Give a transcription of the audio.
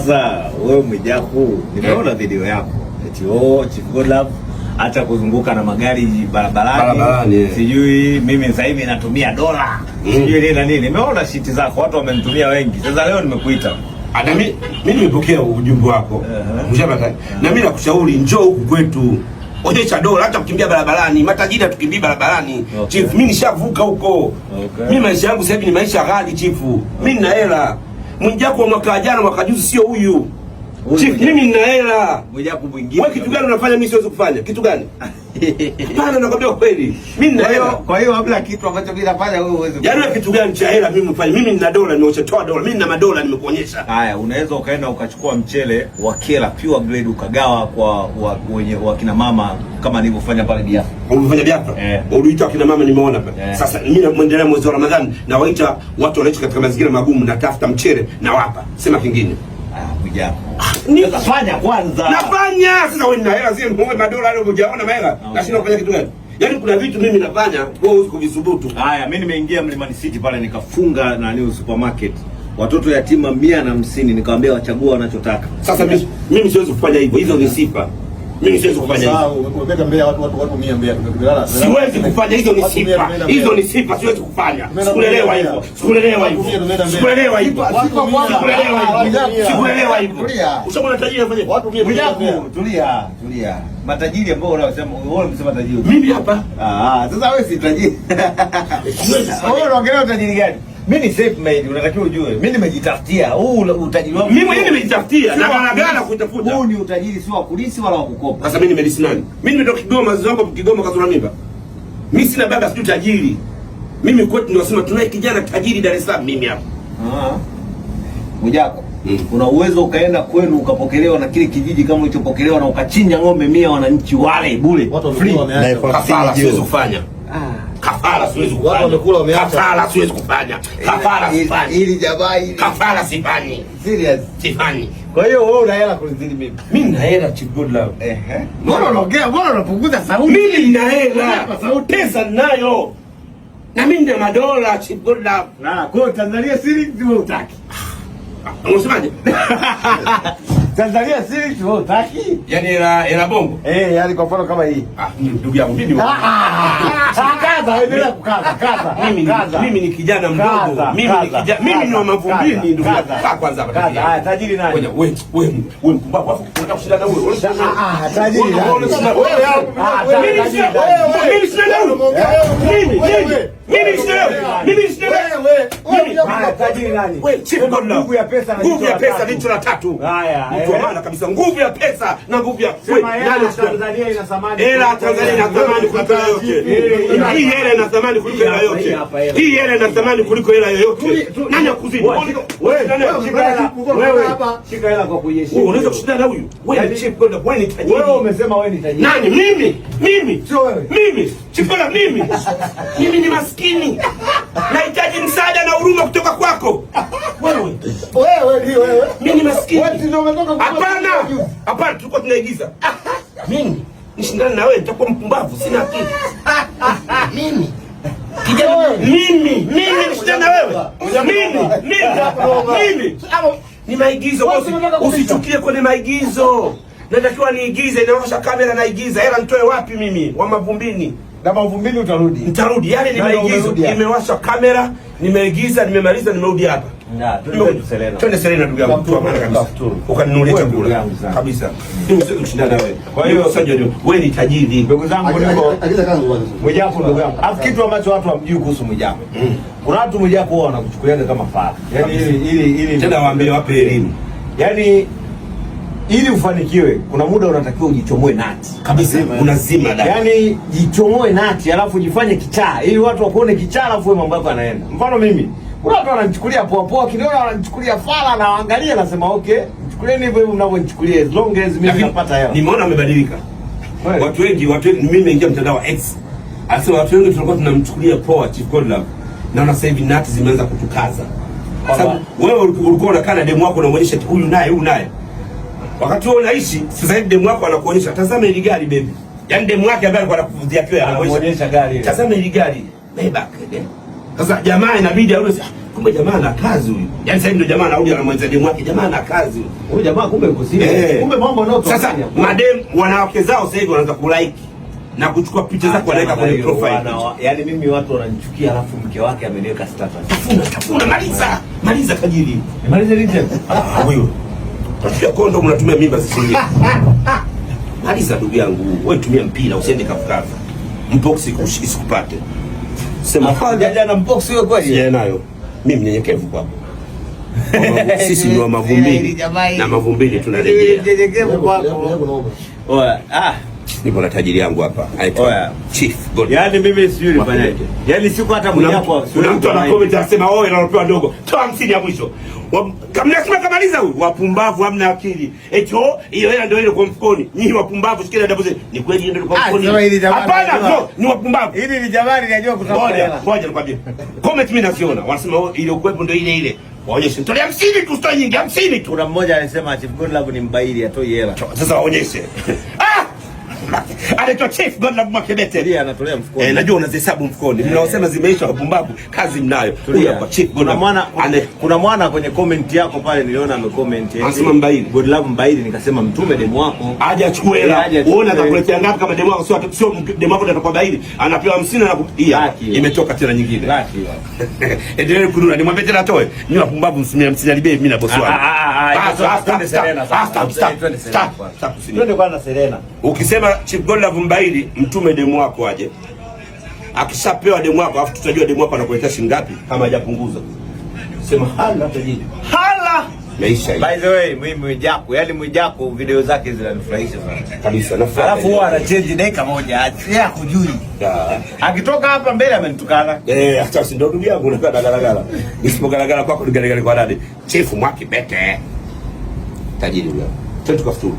Sasa wewe Mwijaku, nimeona eh. video yako eti oh Chief Godlove acha kuzunguka na magari barabarani eh. Sijui mimi sasa hivi natumia dola mm. Sijui nini na nini, nimeona shiti zako watu wamenitumia wengi. Sasa leo nimekuita hata ah, mimi nimepokea ujumbe wako mshapata uh -huh. Na mimi nakushauri njoo huku kwetu, onyesha dola, hata kukimbia barabarani. Matajiri hatukimbii barabarani okay. Chief, mimi nishavuka huko okay. Mimi maisha yangu sasa hivi ni maisha ghali Chief, mimi nina hela Mwijaku wa mwaka jana mwaka juzi sio huyu chief. Mimi nina hela. Mwijaku mwingine, wewe kitu gani unafanya mimi siwezi kufanya? Kitu gani? Hapana, nakwambia kweli. Mimi nina hela. Kwa hiyo hamna kitu ambacho mimi nafanya wewe uweze. Yaani wewe kitu gani cha hela mimi mfanye? Mimi nina dola nimeshatoa dola. Mimi nina madola nimekuonyesha. Haya, unaweza ukaenda ukachukua mchele wa Kela pure grade ukagawa kwa wenye wa kina mama kama nilivyofanya pale Biafra. Umefanya Biafra? Eh. Uliita kina mama nimeona pale. Eh. Sasa mimi naendelea mwezi wa Ramadhani na waita watu wanaishi katika mazingira magumu na tafuta mchele na wapa. Sema kingine. Ah, fanya kwanza. Nafanya sasa, wewe hela zile madola leo hujaona kufanya kitu gani? Yaani kuna vitu mimi nafanya wewe huwezi kuvisubutu. Haya, mimi nimeingia Mlimani City pale nikafunga na new supermarket. Watoto yatima mia na hamsini nikawambia wachagua wanachotaka. Sasa mimi siwezi kufanya hivyo. Hizo ni sifa mimi siwezi kufanya hizo, siwezi kufanya hizo, ni sifa hizo, ni sifa, siwezi kufanya. Sikulelewa hivyo, sikulelewa hivyo, sikulelewa hivyo, sikulelewa hivyo. Matajiri ambao unasema wewe unasema tajiri, mimi hapa. Ah, ah, sasa wewe si tajiri. Eh, wewe unaongelea utajiri gani? Mimi ni self made, unatakiwa ujue. Mimi nimejitafutia. Huu utajiri wangu. Mimi mwenyewe nimejitafutia. Na gana kutafuta. Huu ni utajiri sio wa kulisi wala wa kukopa. Sasa mimi nimelisi nani? Mimi nimetoka Kigoma, mzee wangu Kigoma kazuna mimba. Mimi sina baba sio tajiri. Mimi kwetu tunasema tunaye kijana tajiri Dar es Salaam mimi hapa. Ah. Mujako. Hmm. Una uwezo ukaenda kwenu ukapokelewa na kile kijiji kama ulichopokelewa na ukachinja ng'ombe mia wananchi wale bure. Watu wameacha kafara siwezi kufanya. Ah kafara siwezi kufanya, eh, kafara siwezi eh, kufanya, kafara sifanyi, ili jamaa hili kafara sifanyi, serious sifanyi. Kwa hiyo wewe una hela kunizidi mimi, mimi nina hela chief good love. Ehe, mbona unaongea, mbona unapunguza sauti? Mimi nina hela kwa sauti, pesa ninayo na mimi ndio madola chief good love. Na kwa Tanzania siri ndio utaki, ah, unasemaje? Tanzania siri tu utaki? Yaani ila ila bongo. Eh, yaani kwa mfano kama hii. Ah, ndugu yangu mimi ni. Ah, ah, kaza, endelea kukaza, kaza. Mimi ni mimi ni kijana mdogo. Mimi ni kijana. Mimi ni wa mavumbini ndugu. Kwanza hapa. Kaza. Haya, tajiri nani? Wewe wewe wewe mpumbavu afu unataka kushindana na huyo. Ah, tajiri nani? Wewe. Mimi wewe. Mimi mimi mimi. tajiri nani? Nguvu ya pesa ni jicho tatu. Haya, mtu wa eh. maana kabisa, nguvu ya pesa na nguvu ya Tanzania ina thamani. Hela Tanzania ina thamani kuliko hela yoyote. Hii hela ina thamani kuliko hela yoyote. Hii hela ina thamani kuliko hela yoyote. Nani akuzidi? Wewe shika hela kwa kuiheshimu. Unaweza kushindana na huyu? Wewe ni yaani, chief kwenda, wewe ni tajiri. Wewe umesema wewe ni tajiri. Nani? Mimi. Mimi. Sio wewe. Mimi. Chief kwenda mimi. Mimi ni maskini. wewe. Mimi maskini. Wewe ndio umetoka kutoka. Hapana. Hapana, tulikuwa tunaigiza. Mimi nishindane na wewe nitakuwa mpumbavu, sina akili. Mimi kijana mimi mimi nishindane na wewe. Mimi mimi mimi ni maigizo. Usichukie kwenye maigizo. Natakiwa niigize, inaosha kamera naigiza. Hela nitoe wapi mimi? Wa mavumbini. Na mavumbini utarudi. Nitarudi. Yale yaani ni maigizo. Nimewasha kamera, nimeigiza, nimemaliza, nimerudi hapa twende Serena, ndugu yangu, chakula kabisa. Kwa hiyo wewe ni tajiri, ndugu zangu. Mwijaku, ndugu yangu, kitu ambacho watu hamjui kuhusu Mwijaku, mm. kuna watu Mwijaku wanakuchukuliaga kama fara. Yaani Tena waambie, wape elimu yani ili ufanikiwe kuna muda unatakiwa ujichomoe nati kabisa, unazima da, yani jichomoe nati, alafu jifanye kichaa ili watu wakuone kichaa, alafu mambo yako yanaenda. Mfano mimi kuna watu wananichukulia poa poa kidogo, wananichukulia fala na waangalia, nasema okay, chukulieni hivyo hivyo mnavyonichukulia as long as mimi napata hela. Nimeona amebadilika. Watu wengi watu wengi, mimi nimeingia mtandao wa X. Asa watu wengi tulikuwa tunamchukulia poa Chief Godlove. Naona sasa hivi nati zimeanza kutukaza. Sababu wewe ulikuwa unakaa na demu wako unamuonyesha huyu naye huyu naye. Wakati wewe unaishi sasa hivi demu wako anakuonyesha tazama ile gari baby. Yaani demu wake ambaye alikuwa anakuvuzia kio anakuonyesha gari. Tazama ile gari. Maybach. Eh. Sasa jamaa inabidi arudi kumbe jamaa ana kazi huyu. Yaani sasa ndio jamaa anarudi na mwenza demu wake jamaa ana kazi huyu. jamaa kumbe yuko siri. Eh. Kumbe mambo yanao. Sasa madem wanawake zao sasa hivi wanaanza kulike na kuchukua picha zako wanaweka kwenye profile. Yaani mimi watu wananichukia alafu mke wake ameniweka status. Tafuna tafuna maliza. Maliza kajili. Maliza lini tena? Ah, ah huyo. Tafuta kondo mnatumia mimba zisilie. Maliza ndugu yangu. Wewe tumia mpira usiende kafukafu. Mpox isikupate sema nayo mimi mnyenyekevu kwako sisi ni wa Mavumbili na Mavumbili tunarejea nipo na tajiri yangu hapa aitwa oh, yeah. Chief Gold. Yani mimi sijui nifanyaje, yani siku hata mwenye mnyako. Kuna mtu ana comment anasema wewe oh, unalopewa dogo, toa 50 ya mwisho. Kamnasema kamaliza huyu wapumbavu, hamna akili. Echo oh, hiyo hela ndio ile kwa mfukoni. Nyinyi wapumbavu, sikia ndio dapoze. Ni kweli ndio ile kwa ah, mfukoni. Hapana, no, ni wapumbavu. Hili ni jamani najua kutafuta. Ngoja, ngoja nikwambie. Comment mimi naziona. Wanasema oh, ile kuwepo ndio ile ile. Waonyeshe. Tolea hamsini tu, sio nyingi, hamsini tu. Kuna mmoja anasema Chief God Love ni mbaili, atoi hela. Sasa waonyeshe anaitwa Chief Godlove Mwakibete. Ndiye anatolea mfukoni. Eh, najua unazihesabu mfukoni. Eh. Mnaosema zimeisha wapumbavu, kazi mnayo. Huyu hapa Chief Godlove. Mwana kuna mwana kwenye comment yako pale niliona amecomment. Eh. Anasema mbaili. Godlove mbaili nikasema mtume demu wako. Aje achukue hela. Eh, Uone atakuletea ngapi kama demu wako sio sio demu wako atakuwa baili. Anapewa 50 na kutia. Imetoka tena nyingine. Laki. Endelea kununa. Nimwambie tena atoe. Nyi wapumbavu msimia msinyalibei mimi na bosi ah, ah, wangu. Ah, Ukisema Chief Godlove Mbaili, mtume demu wako aje. Akishapewa demu wako, afu tutajua demu wako anakuletea shilingi ngapi, kama hajapunguza sema hala tajiri hala By the way, mimi Mwijaku, yaani Mwijaku video zake zinanifurahisha sana. Kabisa. Nafurahi. Alafu huwa ana change dakika moja. Yeye Akitoka hapa mbele amenitukana. Eh, si ndugu yangu kwako ni kwa Chief Mwakibete tajiri wewe, twende tukafuturu.